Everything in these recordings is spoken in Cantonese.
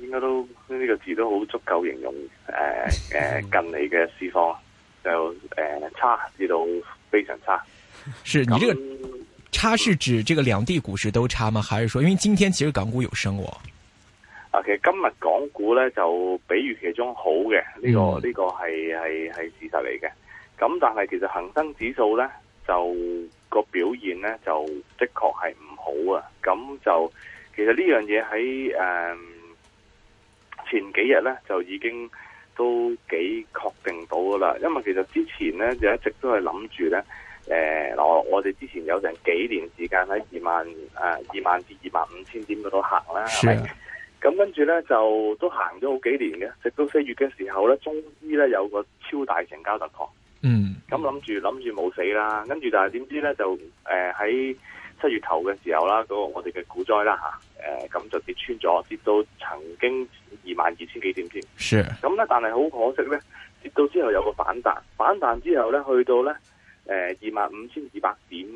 應該都呢、這個字都好足夠形容誒誒近嚟嘅市況就誒差至到非常差。是你這個、嗯、差是指這個兩地股市都差嗎？還是說因為今天其實港股有升喎？啊，其實今日港股咧就比預期中好嘅，呢、嗯這個呢、這個係係係事實嚟嘅。咁但係其實恒生指數咧就、個表現咧就的確係唔好啊。咁就其實呢樣嘢喺誒。呃前幾日咧就已經都幾確定到噶啦，因為其實之前咧就一直都係諗住咧，誒、呃、嗱，我哋之前有成幾年時間喺二萬誒、呃、二萬至二萬五千點嗰度行啦，係咪？咁是、啊、跟住咧就都行咗好幾年嘅，直到四月嘅時候咧，終於咧有個超大成交突破，嗯想，咁諗住諗住冇死啦，跟住但係點知咧就誒喺。呃七月頭嘅時候啦，嗰、嗰個我哋嘅股災啦吓，誒、啊、咁、啊、就跌穿咗，跌到曾經二萬二千幾點先。咁咧，但係好可惜呢，跌到之後有個反彈，反彈之後呢，去到呢誒、啊、二萬五千二百點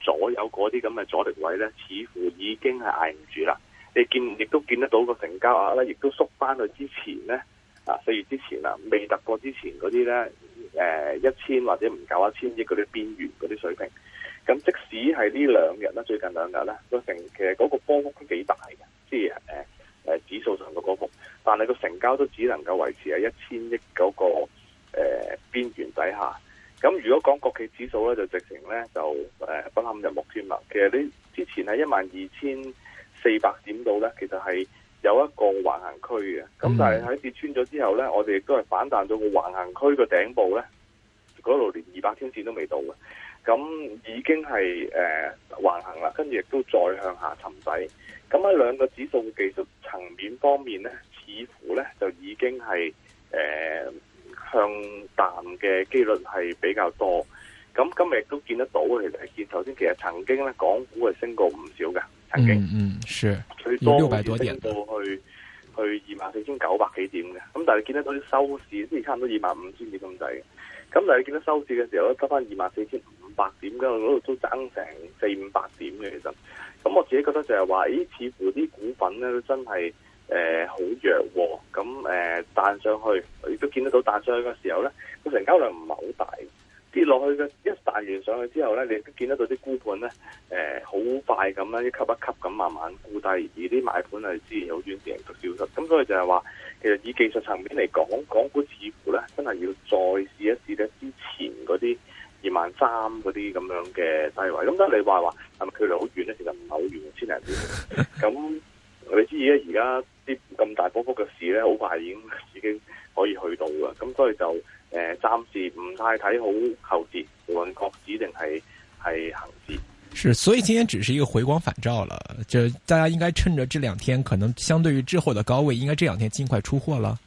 左右嗰啲咁嘅阻力位呢，似乎已經係挨唔住啦。你見亦都見得到個成交額呢，亦都縮翻去之前呢，啊四月之前，過之前啊，未突破之前嗰啲呢，誒一千或者唔夠一千億嗰啲邊緣嗰啲水平。咁即使係呢兩日咧，最近兩日咧，都成其實嗰個波幅都幾大嘅，即係誒誒指數上嘅波幅，但係個成交都只能夠維持喺一千億嗰個誒邊緣底下。咁如果講國企指數咧，就直情咧就誒、呃、不堪入目添喇。其實你之前喺一萬二千四百點度咧，其實係有一個橫行區嘅。咁、嗯、但係喺跌穿咗之後咧，我哋亦都係反彈到個橫行區嘅頂部咧，嗰度連二百天線都未到嘅。咁已經係誒、呃、橫行啦，跟住亦都再向下沉底。咁喺兩個指數技術層面方面咧，似乎咧就已經係誒、呃、向淡嘅機率係比較多。咁今日都見得到，其實係見頭先其實曾經咧，港股係升過唔少嘅，曾經嗯,嗯係最多嘅升到去去二萬四千九百幾點嘅。咁但係見得到啲收市即係差唔多二萬五千幾咁滯嘅。咁但係見到收市嘅時候咧，得翻二萬四千。百點嘅，嗰度都爭成四五百點嘅，其實。咁我自己覺得就係話，咦，似乎啲股份咧都真係誒好弱喎。咁誒、呃、彈上去，亦都見得到彈上去嘅時候咧，個成交量唔係好大。跌落去嘅一彈完上去之後咧，你都見得到啲沽盤咧，誒好快咁呢，呃、一級一級咁慢慢沽低，而啲買盤係之前好專注做消失咁，所以就係話，其實以技術層面嚟講，港股似乎咧真係要再試一試咧之前嗰啲。二萬三嗰啲咁樣嘅低位，咁得你話話係咪距離好遠咧？其實唔係好遠，千零點。咁我哋、 嗯、知而家啲咁大波幅嘅市咧，好快已經已經可以去到噶。咁、嗯、所以就誒，暫、呃、時唔太睇好後市，無論國指定係係恒指。是，所以今天只是一個回光返照啦。就大家應該趁着這兩天，可能相對於之後的高位，應該這兩天盡快出貨啦、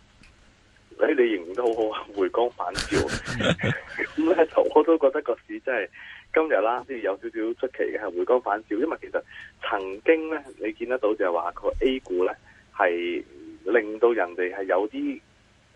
哎。你哋贏得好。回光返照咁咧，我都覺得個市真係今日啦、啊，啲有少少出奇嘅，係回光返照。因為其實曾經咧，你見得到就係話、那個 A 股咧係令到人哋係有啲誒、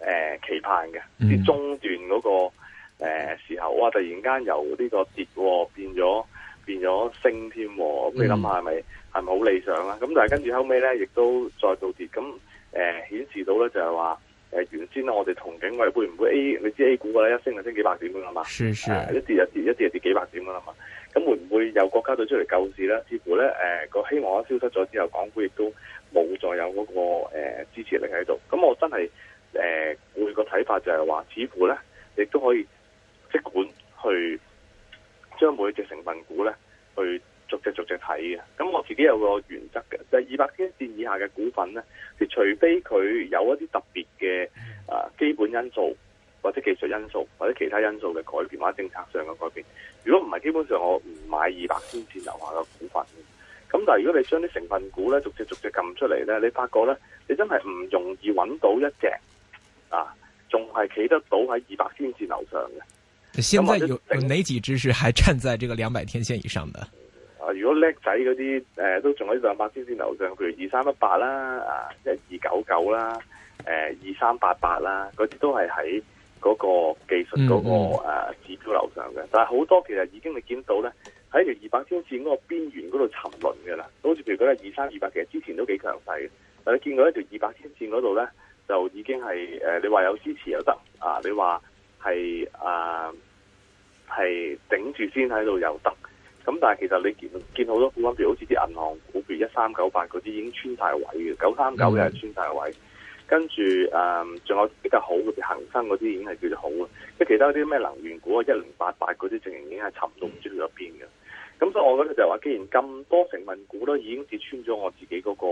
呃、期盼嘅，啲、嗯、中段嗰、那個誒、呃、時候、啊，哇！突然間由呢個跌變咗變咗升添，咁你諗下係咪係咪好理想啦、啊？咁但係跟住後尾咧，亦都再度跌，咁誒、呃、顯示到咧就係話。誒、呃、原先我哋同警衛會唔會 A？你知 A 股㗎啦，一升就升幾百點㗎嘛，誒是是、呃、一跌一跌，一跌又跌幾百點㗎啦嘛。咁會唔會有國家隊出嚟救市咧？似乎咧誒個希望消失咗之後，港股亦都冇再有嗰、那個、呃、支持力喺度。咁我真係誒、呃、每個睇法就係話，似乎咧亦都可以即管去將每一隻成分股咧去。逐隻逐隻睇嘅，咁我自己有個原則嘅，就係二百天線以下嘅股份咧，其實除非佢有一啲特別嘅啊基本因素，或者技術因素，或者其他因素嘅改變，或者政策上嘅改變，如果唔係，基本上我唔買二百天線樓下嘅股份。咁但係如果你將啲成分股咧逐隻逐隻撳出嚟咧，你發覺咧，你真係唔容易揾到一隻啊，仲係企得到喺二百天線樓上嘅。現在有哪幾隻是還站在這個兩百天線以上的？啊！如果叻仔嗰啲，誒、呃、都仲喺兩百天線樓上，譬如二三一八啦，啊、呃，一二九九啦，誒、呃，二三八八啦，嗰啲都係喺嗰個技術嗰、嗰個指標樓上嘅。但係好多其實已經你見到咧，喺條二百天線嗰個邊緣嗰度沉淪嘅啦。好似譬如嗰個二三二百，其實之前都幾強勢嘅。但你見到一條二百天線嗰度咧，就已經係誒、呃，你話有支持又得，啊，你話係啊，係、呃、頂住先喺度又得。咁、嗯、但係其實你見見好多股，譬如好似啲銀行股，譬如一三九八嗰啲已經穿大位嘅，九三九又係穿大位。位嗯、跟住誒，仲、嗯、有比較好嗰啲恆生嗰啲已經係叫做好啊。即係其他啲咩能源股啊，一零八八嗰啲，仍然已經係沉到唔知去咗邊嘅。咁、嗯、所以我覺得就係話，既然咁多成分股都已經跌穿咗我自己嗰、那個、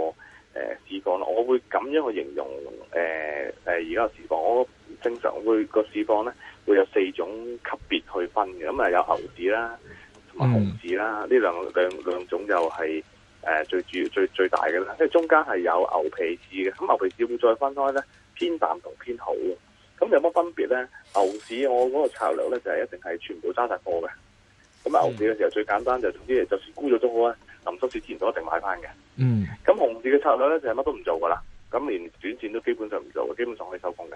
呃、市況啦，我會咁樣去形容誒而家個市況。我正常會個市況咧，會有四種級別去分嘅。咁啊，有牛市啦。嗯熊市啦，呢、嗯、兩兩兩種又係誒、呃、最主要最最大嘅啦，即係中間係有牛皮市嘅。咁牛皮市會再分開咧，偏淡同偏好，咁有乜分別咧？牛市我嗰個策略咧就係、是、一定係全部揸晒貨嘅，咁牛市嘅時候最簡單就是、總之就算沽咗都好啊，臨收市前，都一定買翻嘅。嗯，咁熊市嘅策略咧就係、是、乜都唔做噶啦，咁連短線都基本上唔做，基本上可以收工嘅。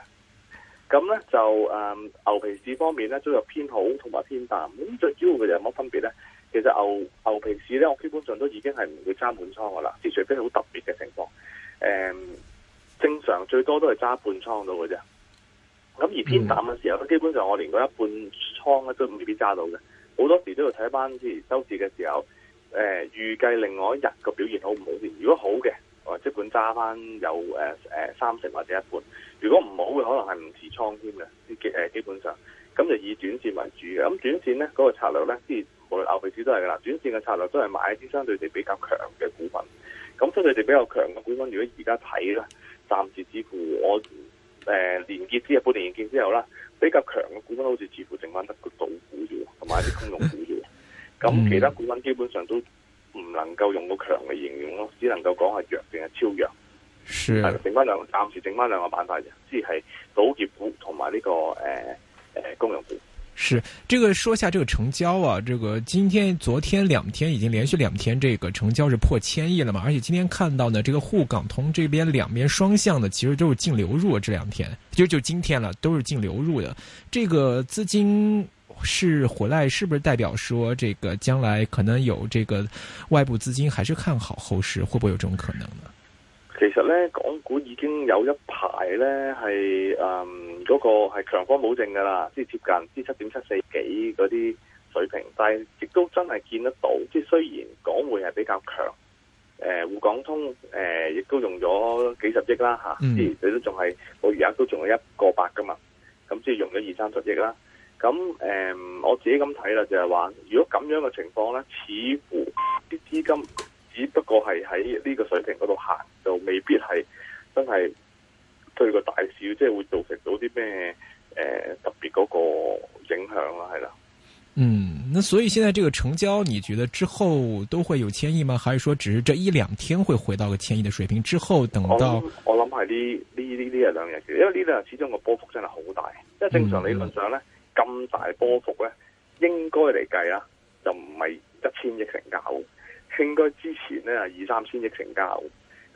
咁咧就誒牛皮市方面咧，都有偏好同埋偏淡。咁最主要嘅有乜分別咧？其實牛牛皮市咧，我基本上都已經係唔會揸滿倉噶啦，至除非好特別嘅情況。誒、嗯，正常最多都係揸半倉到嘅啫。咁而偏淡嘅時候咧，基本上我連嗰一半倉咧都未必揸到嘅。好多時都要睇一班之前收市嘅時候，誒預計另外一日嘅表現好唔好先。如果好嘅。即管揸翻有誒誒三成或者一半，如果唔好嘅可能係唔持倉添嘅，基基本上，咁就以短線為主嘅。咁短線咧嗰、嗰個策略咧，即係無論牛皮市都係㗎啦。短線嘅策略都係買啲相對地比較強嘅股份。咁相對地比較強嘅股份，如果而家睇咧，暫時似乎我誒年、呃、結之後半年年結之後啦，比較強嘅股份好似似乎只剩翻得個道股啫喎，同埋啲公用股啫。咁 其他股份基本上都。唔能夠用個強嚟形容咯，只能夠講係弱定係超弱。係是，剩返兩個，暫時剩返兩個板塊，即係賭業股同埋呢個誒誒、呃呃、公用股。是，這個說下，這個成交啊，這個今天、昨天兩天已經連續兩天，這個成交是破千億了嘛？而且今天看到呢，這個滬港通這邊兩邊雙向的，其實都是淨流入，啊。這兩天就就今天了，都是淨流入的，這個資金。是回來是不是代表說，這個將來可能有這個外部資金，還是看好後市，會不會有這種可能呢？其實呢，港股已經有一排呢，係，誒、嗯，嗰、那個係強方保證噶啦，即係接近啲七點七四幾嗰啲水平，但係亦都真係見得到。即係雖然港匯係比較強，誒、呃，滬港通誒亦、呃、都用咗幾十億啦吓，即係你都仲係，我餘額都仲有一個百噶嘛，咁即係用咗二三十億啦。咁誒、嗯，我自己咁睇啦，就係話，如果咁樣嘅情況咧，似乎啲資金只不過係喺呢個水平嗰度行，就未必係真係對個大市，即係會造成到啲咩誒特別嗰個影響啦，係啦。嗯，那所以現在這個成交，你覺得之後都會有千億嗎？還是說只是這一兩天會回到個千億的水平？之後等到我諗係呢呢呢呢一兩日嘅，因為呢兩日始終個波幅真係好大，因為正常理論上咧。嗯咁大波幅咧，應該嚟計啦，就唔係一千億成交，應該之前咧係二三千億成交。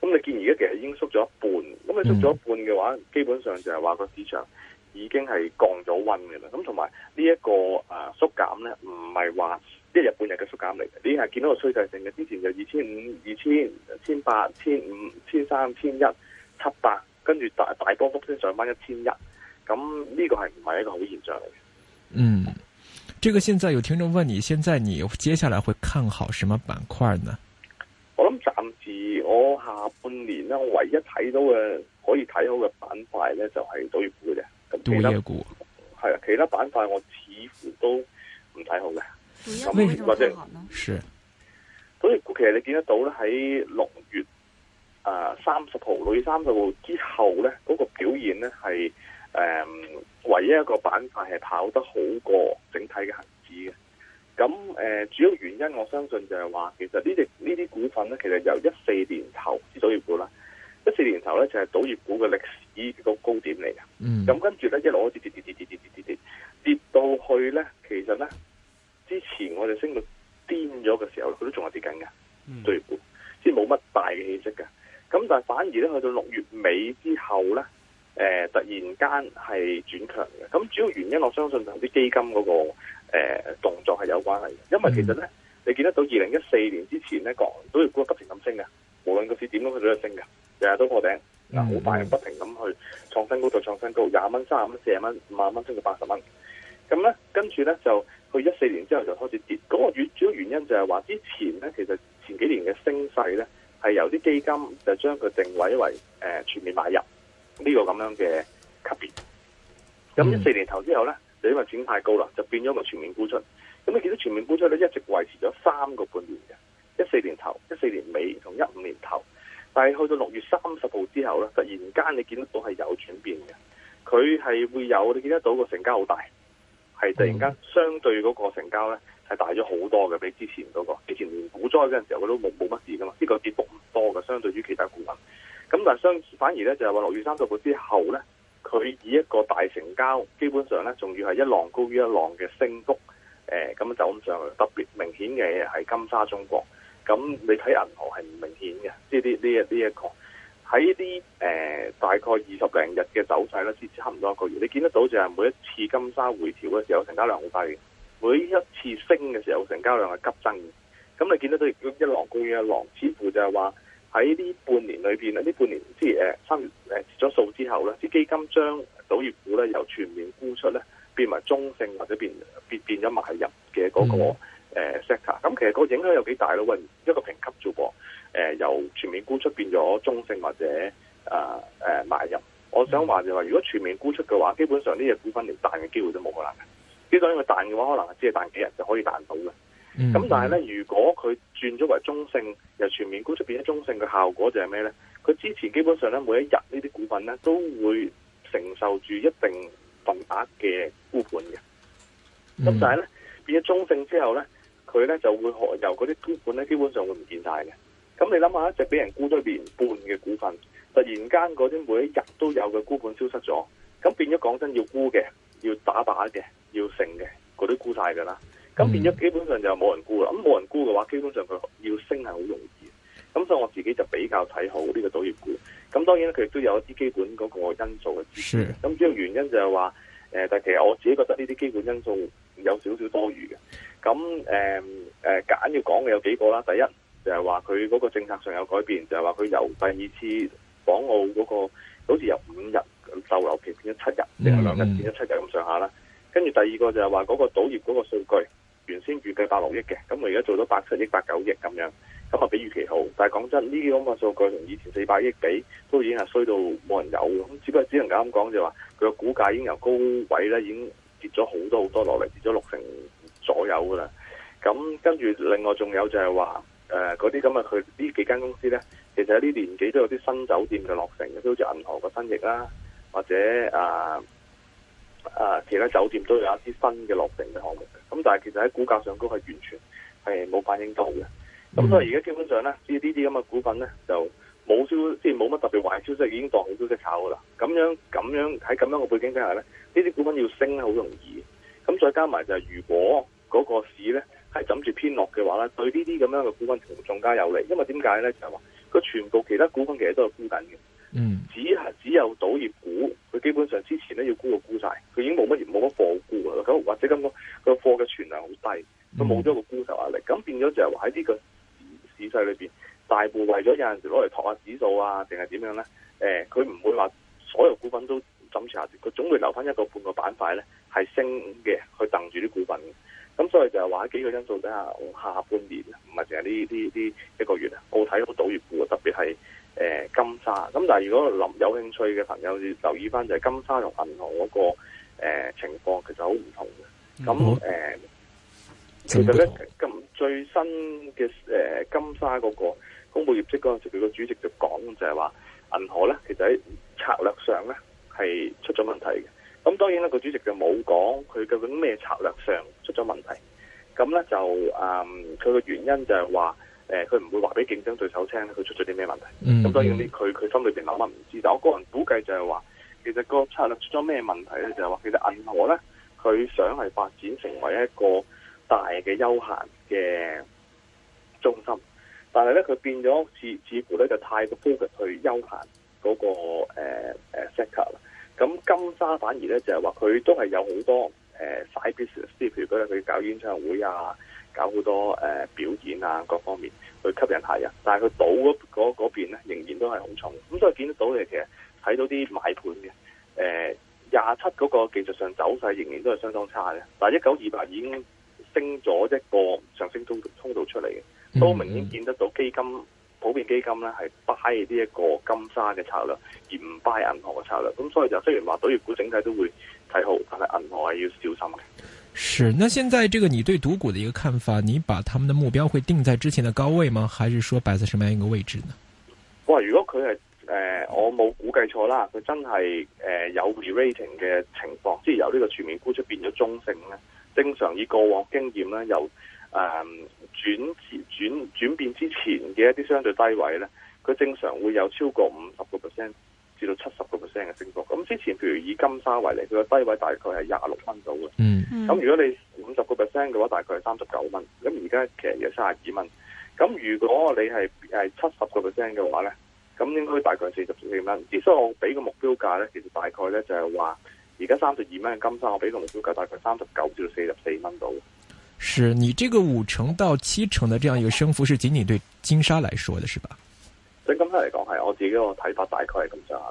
咁你見而家其實已經縮咗一半，咁你縮咗一半嘅話，基本上就係話個市場已經係降咗溫嘅啦。咁同埋呢一個啊縮減咧，唔係話一日半日嘅縮減嚟嘅。你係見到個趨勢性嘅，之前就二千五、二千、千八、千五、千三、千一、七百，跟住大大波幅先上返一千一。咁呢個係唔係一個好現象嚟？嗯，這個現在有聽眾問你，現在你接下來會看好什麼板塊呢？我諗暫時我下半年呢，我唯一睇到嘅可以睇好嘅板塊呢，就係賭業股嘅。賭業股係啊，其他板塊我似乎都唔睇好嘅。咁或者係，賭業股其實你見得到咧喺六月啊三十號，六月三十號之後呢，嗰、那個表現呢係。誒，唯一一個板塊係跑得好過整體嘅恒指嘅，咁誒、呃、主要原因，我相信就係話，其實呢隻呢啲股份咧，其實由一四年頭，賭業股啦，一四年頭咧就係、是、賭業股嘅歷史個高點嚟嘅咁跟住咧一路好似跌跌跌跌跌跌跌跌跌,跌到去咧，其實咧之前我哋升到癲咗嘅時候，佢都仲有跌緊嘅，嗯賭業股，賭業股即係冇乜大嘅氣息嘅咁但係反而咧去到六月尾之後咧。誒、呃，突然間係轉強嘅，咁主要原因，我相信同啲基金嗰、那個誒、呃、動作係有關係嘅。因為其實咧，嗯、你見得到二零一四年之前咧，講都估股急停咁升嘅，無論股市點都去到一升嘅，日日都破頂，嗱好、嗯啊、快、嗯、不停咁去創新，新高，再創新高，廿蚊、三十蚊、四十蚊、五十蚊升到八十蚊。咁咧，跟住咧就去一四年之後就開始跌。嗰、那個主要原因就係話之前咧，其實前幾年嘅升勢咧係由啲基金就將佢定位為誒、呃、全面買入。呢個咁樣嘅級別，咁一四年頭之後呢，嗯、就因為錢太高啦，就變咗個全面沽出。咁、嗯、你見到全面沽出呢，一直維持咗三個半年嘅一四年頭、一四年尾同一五年頭，但係去到六月三十號之後呢，突然間你見得到係有轉變嘅，佢係會有你見得到個成交好大，係突然間相對嗰個成交呢，係大咗好多嘅，比之前嗰、那個以前股災嗰陣時候佢都冇冇乜事噶嘛，呢、這個跌幅唔多嘅，相對於其他股份。咁但相反而咧，就係話六月三十號之後咧，佢以一個大成交，基本上咧仲要係一浪高於一浪嘅升幅。誒、呃，咁就咁上去，特別明顯嘅係金沙中國。咁你睇銀河係唔明顯嘅，即係呢呢一呢一個喺啲誒大概二十零日嘅走勢咧，先差唔多一個月。你見得到就係每一次金沙回調嘅時候，成交量好低；每一次升嘅時候，成交量係急增。咁你見到都一浪高於一浪，似乎就係話。喺呢半年裏邊啊，呢半年即係誒三月誒跌咗數之後咧，啲基金將賭業股咧由全面沽出咧變為中性或者變變變咗買入嘅嗰、那個誒 sector。咁、嗯呃、其實那個影響有幾大咯？喂、呃，一個評級做過誒、呃，由全面沽出變咗中性或者啊誒、呃呃、買入。嗯、我想話就話、是，如果全面沽出嘅話，基本上呢隻股份連彈嘅機會都冇啦。即因佢彈嘅話，可能只係彈幾日就可以彈到嘅。咁、嗯、但係咧，如果佢變咗為中性，由全面沽出，變咗中性嘅效果就係咩咧？佢之前基本上咧，每一日呢啲股份咧都會承受住一定份額嘅沽盤嘅。咁但係咧，變咗中性之後咧，佢咧就會由嗰啲沽盤咧，基本上會唔見晒嘅。咁你諗下，一隻俾人沽咗年半嘅股份，突然間嗰啲每一日都有嘅沽盤消失咗，咁變咗講真，要沽嘅，要打靶嘅，要剩嘅，嗰啲沽晒噶啦。咁變咗基本上就冇人沽啦。咁冇人沽嘅話，基本上佢要升係好容易嘅。咁所以我自己就比較睇好呢個賭業股。咁當然佢亦都有一啲基本嗰個因素嘅支持。咁是主要原因就係話、呃，但其實我自己覺得呢啲基本因素有少少多餘嘅。咁誒簡要講嘅有幾個啦。第一就係話佢嗰個政策上有改變，就係話佢由第二次訪澳嗰、嗰個好似由五日逗留期變咗七日，定係兩日變咗七日咁上下啦。跟住第二個就係話嗰個賭業嗰個數據。原先預計百六億嘅，咁我而家做到八七億、八九億咁樣，咁啊比預期好。但係講真，呢啲咁嘅數據同以前四百億比，都已經係衰到冇人有。咁只不過只能夠咁講，就話佢個股價已經由高位咧，已經跌咗好多好多落嚟，跌咗六成左右噶啦。咁跟住另外仲有就係話，誒嗰啲咁嘅佢呢幾間公司咧，其實啲年紀都有啲新酒店嘅落成，都好似銀河嘅新翼啦，或者啊，啊其他酒店都有一啲新嘅落成嘅項目。咁但係其實喺股價上高係完全係冇反應到嘅，咁所以而家基本上咧，呢啲啲咁嘅股份咧就冇消，即係冇乜特別壞消息，已經當好消息炒噶啦。咁樣咁樣喺咁樣嘅背景之下咧，呢啲股份要升咧好容易。咁再加埋就係如果嗰個市咧係枕住偏落嘅話咧，對呢啲咁樣嘅股份仲更加有利。因為點解咧就係話，佢全部其他股份其實都係沽緊嘅。嗯，只係只有賭業股，佢基本上之前咧要沽，沽，沽的的個沽晒，佢已經冇乜冇乜貨沽啦。咁或者咁講，個貨嘅存量好低，佢冇咗個沽售壓力，咁變咗就係話喺呢個市市勢裏邊，大部為咗有陣時攞嚟托下指數啊，定係點樣咧？誒、欸，佢唔會話所有股份都審查，佢總會留翻一個半個板塊咧係升嘅去掟住啲股份的。咁所以就係話喺幾個因素底下，我下半年唔係淨係呢呢呢一個月啊，我睇好賭業股的咁、啊、但係如果林有興趣嘅朋友要留意翻，就係金沙同銀河嗰個誒、呃、情況其實很不的好唔同嘅。咁誒、呃，其實咧最新嘅誒金沙嗰個公布業績嗰陣時，佢個主席就講就係話，銀河咧其實喺策略上咧係出咗問題嘅，咁當然咧個主席就冇講佢究竟咩策略上出咗問題，咁咧就誒佢個原因就係話。誒，佢唔、呃、會話俾競爭對手聽，佢出咗啲咩問題。咁當然，佢佢心裏邊諗啊，唔知。但我個人估計就係話，其實個策略出咗咩問題咧，就係、是、話其實銀河咧，佢想係發展成為一個大嘅休閒嘅中心，但係咧佢變咗，似乎咧就太過 focus 去休閒嗰、那個誒 sector 啦。咁、呃啊、金沙反而咧就係話佢都係有好多誒 side business 譬如佢搞演唱會啊。搞好多誒、呃、表演啊，各方面去吸引客人，但係佢賭嗰邊咧，仍然都係好重，咁所以見得到嘅其實睇到啲賣盤嘅，誒廿七嗰個技術上走勢仍然都係相當差嘅。但係，一九二八已經升咗一個上升通道通道出嚟嘅，都明顯見得到基金普遍基金咧係 buy 呢一 bu 個金沙嘅策略，而唔 buy 銀河嘅策略，咁所以就雖然話賭業股整體都會睇好，但係銀河係要小心嘅。是，那現在這個你對獨股的一個看法，你把他們的目標會定在之前的高位嗎？還是說擺在什麼樣一個位置呢？哇，如果佢係誒，我冇估計錯啦，佢真係誒、呃、有 re-rating 嘅情況，即係由呢個全面沽出變咗中性咧。正常以過往經驗咧，由誒、呃、轉轉轉變之前嘅一啲相對低位咧，佢正常會有超過五十個 percent 至到七十，升幅咁，之前，譬如以金沙為例，佢個低位大概係廿六蚊到嘅。嗯，咁、嗯、如果你五十個 percent 嘅話，大概係三十九蚊。咁而家其實有三十二蚊。咁如果你係誒七十個 percent 嘅話咧，咁應該大概係四十四蚊。而所以我俾個目標價咧，其實大概咧就係話，而家三十二蚊嘅金沙，我俾個目標價大概三十九至到四十四蚊到。是你這個五成到七成嘅這樣一個升幅，是僅僅對金沙來說的，是吧？對金沙嚟講，係我自己個睇法，大概係咁上下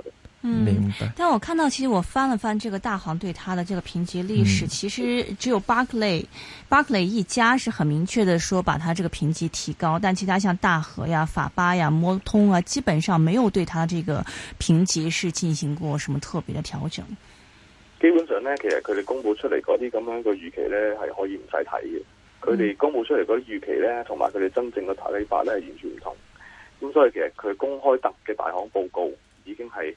嗯，但我看到其實我翻了翻這個大行對它的這個評級歷史，嗯、其實只有巴克萊巴克萊一家是很明確的說把它這個評級提高，但其他像大和、呀、法巴呀、摩通啊，基本上沒有對它這個評級是進行過什麼特別的調整。基本上呢，其實佢哋公布出嚟嗰啲咁樣嘅預期呢，係可以唔使睇嘅。佢哋、嗯、公布出嚟嗰啲預期呢，同埋佢哋真正嘅大利法呢，係完全唔同。咁所以其實佢公開特嘅大行報告已經係。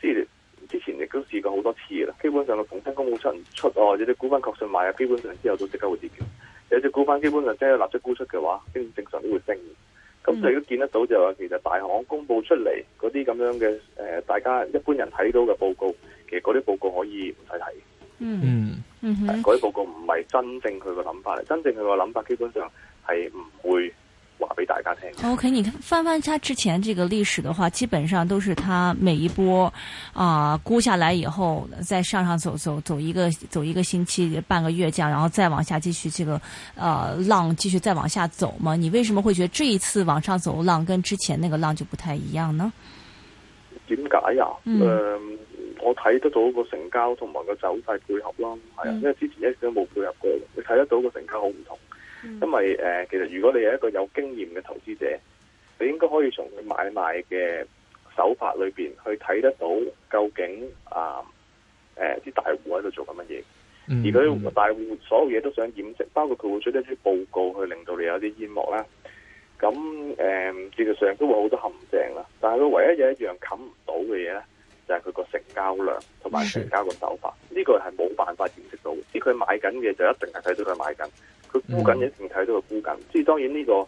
之之前亦都試過好多次啦，基本上個重新公布出唔出哦，或者隻股份確信賣啊，基本上之後都即刻會跌票。有隻股份基本上即係立即沽出嘅話，正正常，都會升。咁所以都見得到就話、是，嗯、其實大行公布出嚟嗰啲咁樣嘅誒，大家一般人睇到嘅報告，其實嗰啲報告可以唔使睇。嗯嗯，嗰啲報告唔係真正佢個諗法嚟，真正佢個諗法基本上係唔會。話俾大家聽。O、okay, K，你翻翻他之前這個歷史的話，基本上都是他每一波啊、呃、沽下來以後，再上上走走走一個走一個星期半個月這樣，然後再往下繼續這個呃浪繼續再往下走嘛？你為什麼會覺得這一次往上走浪跟之前那個浪就不太一樣呢？點解呀？嗯、呃、我睇得到個成交同埋個走勢配合啦，係啊，嗯、因為之前一直都冇配合過，你睇得到個成交好唔同。因為誒、呃，其實如果你有一個有經驗嘅投資者，你應該可以從佢買賣嘅手法裏邊去睇得到究竟啊誒，啲、呃呃、大戶喺度做緊乜嘢，而佢大戶所有嘢都想掩飾，包括佢會出一啲報告去令到你有啲煙幕呢。啦。咁、呃、誒，事實上都會好多陷阱啦。但係佢唯一有一樣冚唔到嘅嘢咧，就係佢個成交量同埋成交嘅手法，呢 個係冇辦法掩飾到的。只佢買緊嘅就一定係睇到佢買緊。佢估緊，一定睇到佢估緊，即係當然呢、這個誒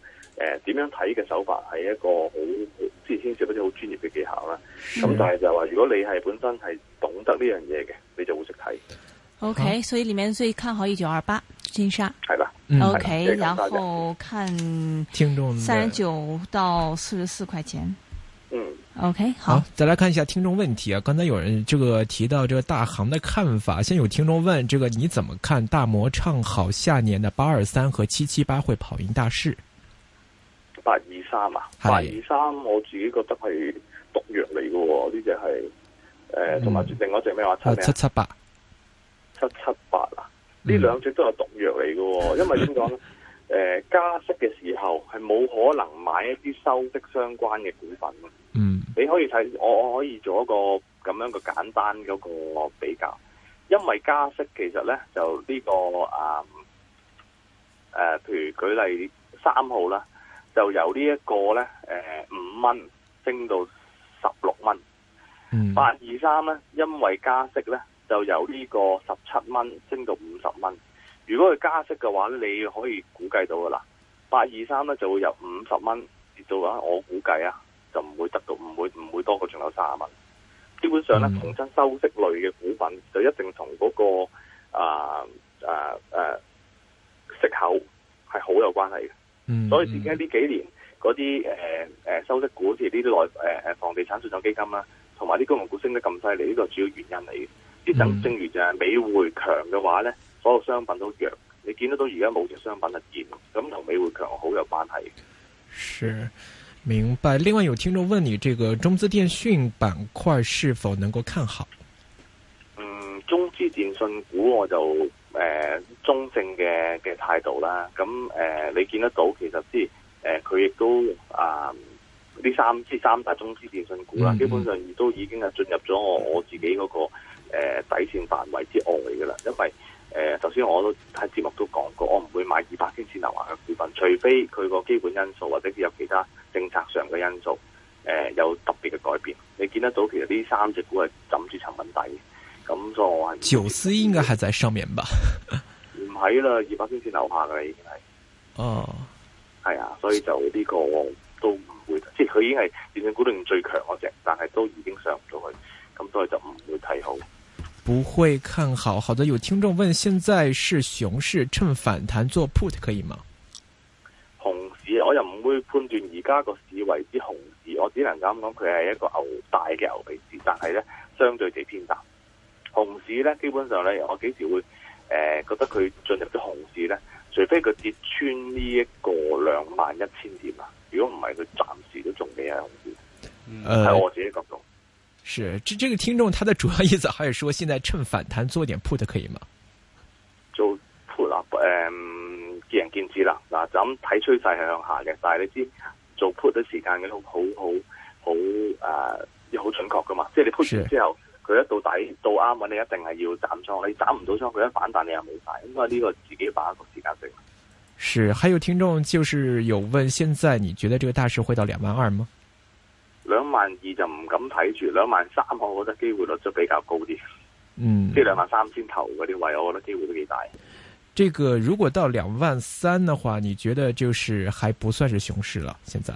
點、呃、樣睇嘅手法係一個好即係牽涉一啲好專業嘅技巧啦。咁、嗯、但係就話如果你係本身係懂得呢樣嘢嘅，你就會識睇。OK，、啊、所以裡面最看好一九二八金沙，係啦。OK，然後看三十九到四十四塊錢。OK，好，好，再來看一下聽眾問題啊。剛才有人這個提到這個大行的看法，先有聽眾問，這個你怎麼看大摩唱好下年的八二三和七七八會跑贏大市？八二三啊，八二三，我自己覺得係毒藥嚟嘅，哦，呢隻係誒，同埋仲另外一隻咩話？七七八，七七八啊，呢、嗯、兩隻都係毒藥嚟嘅，哦，因為點講咧？誒、呃，加息嘅時候係冇可能買一啲收息相關嘅股份咯。嗯。你可以睇，我可以做一個咁樣個簡單嗰個比較，因為加息其實呢，就呢個啊，嗯、呃，譬如舉例三號啦，就由呢一個呢誒五蚊升到十六蚊，八二三呢，因為加息呢，就由呢個十七蚊升到五十蚊。如果佢加息嘅話，你可以估計到噶啦，八二三呢，就會由五十蚊跌到啊，我估計啊。就唔會得到，唔會唔會多過仲有三啊蚊。基本上咧，重真、嗯、收息類嘅股份就一定同嗰、那個啊啊啊息口係好有關係嘅。嗯、所以而家呢幾年嗰啲誒誒收息股市，特別呢啲內誒誒、呃、房地產信託基金啦、啊，同埋啲公用股升得咁犀利，呢、這個主要原因嚟嘅。啲等、嗯、正如就係美匯強嘅話咧，所有商品都弱，你見得到而家冇件商品係跌，咁同美匯強好有關係的。是。Sure. 明白。另外有聽眾問你，這個中資電訊板塊是否能夠看好？嗯，中資電訊股我就誒、呃、中性嘅嘅態度啦。咁、嗯、誒、呃，你見得到其實即係誒，佢、呃、亦都啊呢、呃、三支三大中資電訊股啦，嗯、基本上亦都已經係進入咗我我自己嗰、那個誒、呃、底線範圍之外噶啦。因為誒，頭、呃、先我都喺節目都講過，我唔會買二百千兆流嘅股份，除非佢個基本因素或者佢有其他。政策上嘅因素，誒、呃，有特別嘅改變，你見得到其實呢三隻股係枕住層粉底嘅，咁所以我話，九思應該係在上面吧？唔係啦，二百先至樓下嘅已經係，哦，係、oh. 啊，所以就呢個我都唔會，即係佢已經係二線股裏最強嗰隻，但係都已經上唔到去，咁所以就唔會睇好，不會看好。好多，有聽眾問：現在是熊市，趁反彈做 put 可以嗎？我又唔會判斷而家個市為之熊市，我只能咁講，佢係一個牛大嘅牛皮市，但係咧相對地偏淡。熊市咧，基本上咧，我幾時會誒、呃、覺得佢進入咗熊市咧？除非佢跌穿呢一個兩萬一千點啊。如果唔係，佢暫時都仲未係熊市。喺、嗯、我自己角度、呃，是，即這個聽眾他的主要意思還是說，現在趁反彈做點 put 可以嗎？做 put 啦，誒。見仁見智啦，嗱就咁睇趨勢向下嘅，但係你知做 put 嘅時間嗰種好好好誒，又好、啊、準確噶嘛，即係你 put 完之後，佢一是到底到啱，你一定係要斬倉，你斬唔到倉，佢一反彈你又冇晒，咁啊呢個自己把握個時間性。是，還有聽眾就是有問，現在你覺得這個大市會到兩萬二嗎？兩萬二就唔敢睇住，兩萬三，我覺得機會率就比較高啲。嗯，即係兩萬三千頭嗰啲位，我覺得機會都幾大。這個如果到兩萬三的話，你覺得就是還不算是熊市了？現在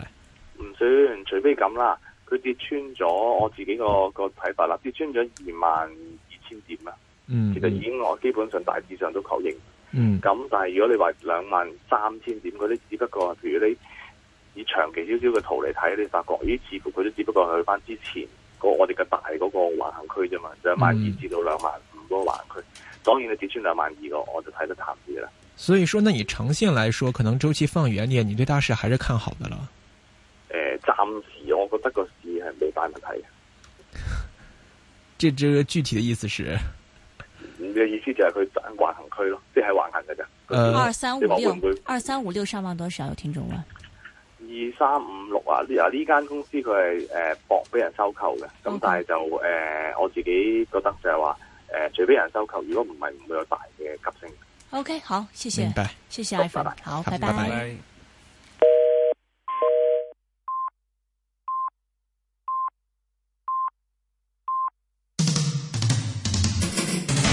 唔算，除非咁啦，佢跌穿咗，我自己的個個睇法啦，跌穿咗二萬二千點啦，啊，嗯，其實已經我基本上大致上都確認，嗯，咁但係如果你話兩萬三千點嗰啲，都只不過，譬如你以長期少少嘅圖嚟睇，你發覺咦，似乎佢都只不過去翻之前我哋嘅大嗰個橫行區啫嘛，就兩萬二至到兩萬五嗰個橫行區。嗯嗯當然，你跌穿兩萬二個，我就睇得淡啲啦。所以說，那以長線來說，可能周期放遠啲，你對大市還是看好的啦。誒、呃，暫時我覺得個市係未大問題嘅。這隻、個、具體的意思是嘅、呃、意思？就係佢喺橫行區咯，即係橫行嘅啫。呃、會會二三五六，二三五六上望多少？有聽眾問。二三五六啊，呢啊呢間公司佢係誒博俾人收購嘅，咁、嗯、Okay. 但係就誒、呃、我自己覺得就係話。誒除非有人收購，如果唔係，唔會有大嘅急升 O、okay, K，好，謝謝，拜白，謝謝，Ivan，好，拜拜，好時拜拜。拜拜